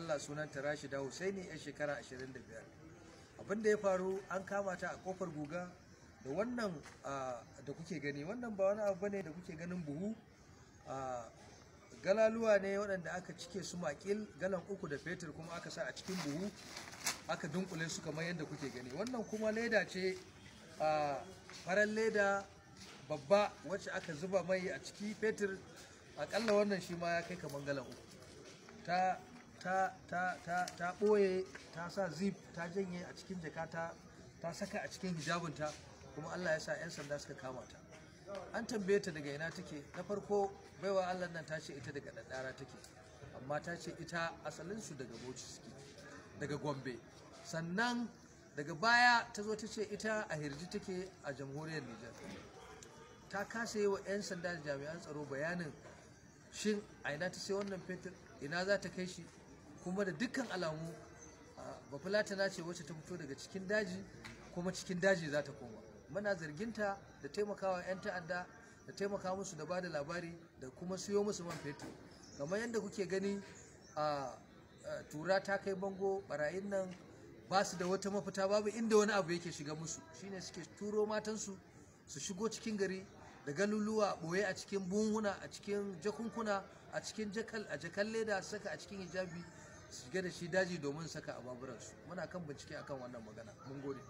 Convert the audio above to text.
Allah sunanta Rashida Husaini yar shekara 25 abin da ya faru an kama ta a kofar guga da wannan da kuke gani wannan ba wani abu ne da kuke ganin buhu galaluwa ne waɗanda aka cike su makil galan uku da fetur kuma aka sa a cikin buhu aka dunkule su kamar yadda kuke gani wannan kuma leda ce farar leda babba wacce aka zuba mai a ciki fetur akalla wannan shi ma ya kai kamar galan uku ta ta ta ta boye ta sa zip ta janye a cikin jaka ta saka a cikin hijabinta kuma Allah ya sa 'yan sanda suka kama ta an tambaye ta daga ina take na farko baiwa Allah nan ta ce ita daga daddara take amma ta ce ita asalinsu daga Bauchi suke daga Gombe sannan daga baya ta zo ta ce ita a hirji take a jamhuriyar Nijar ta kasa yi wa 'yan sanda da jami'an tsaro bayanin shin a ina ta sai wannan fetur ina za ta kai shi kuma da dukkan alamu bafulatana ce wacce ta fito daga cikin daji kuma cikin daji za ta koma muna zarginta da taimakawa 'yan ta'adda da taimaka musu da bada labari da kuma siyo musu man fetur kamar yadda kuke gani a tura ta kai bango barayin nan ba su da wata mafita babu inda wani abu yake shiga musu shine suke turo matansu su shigo cikin gari da galuluwa boye a cikin bunguna, a cikin jakunkuna a cikin jakal a jakan leda saka a cikin hijabi su da shi daji domin saka a baburansu muna kan bincike akan wannan magana mun gode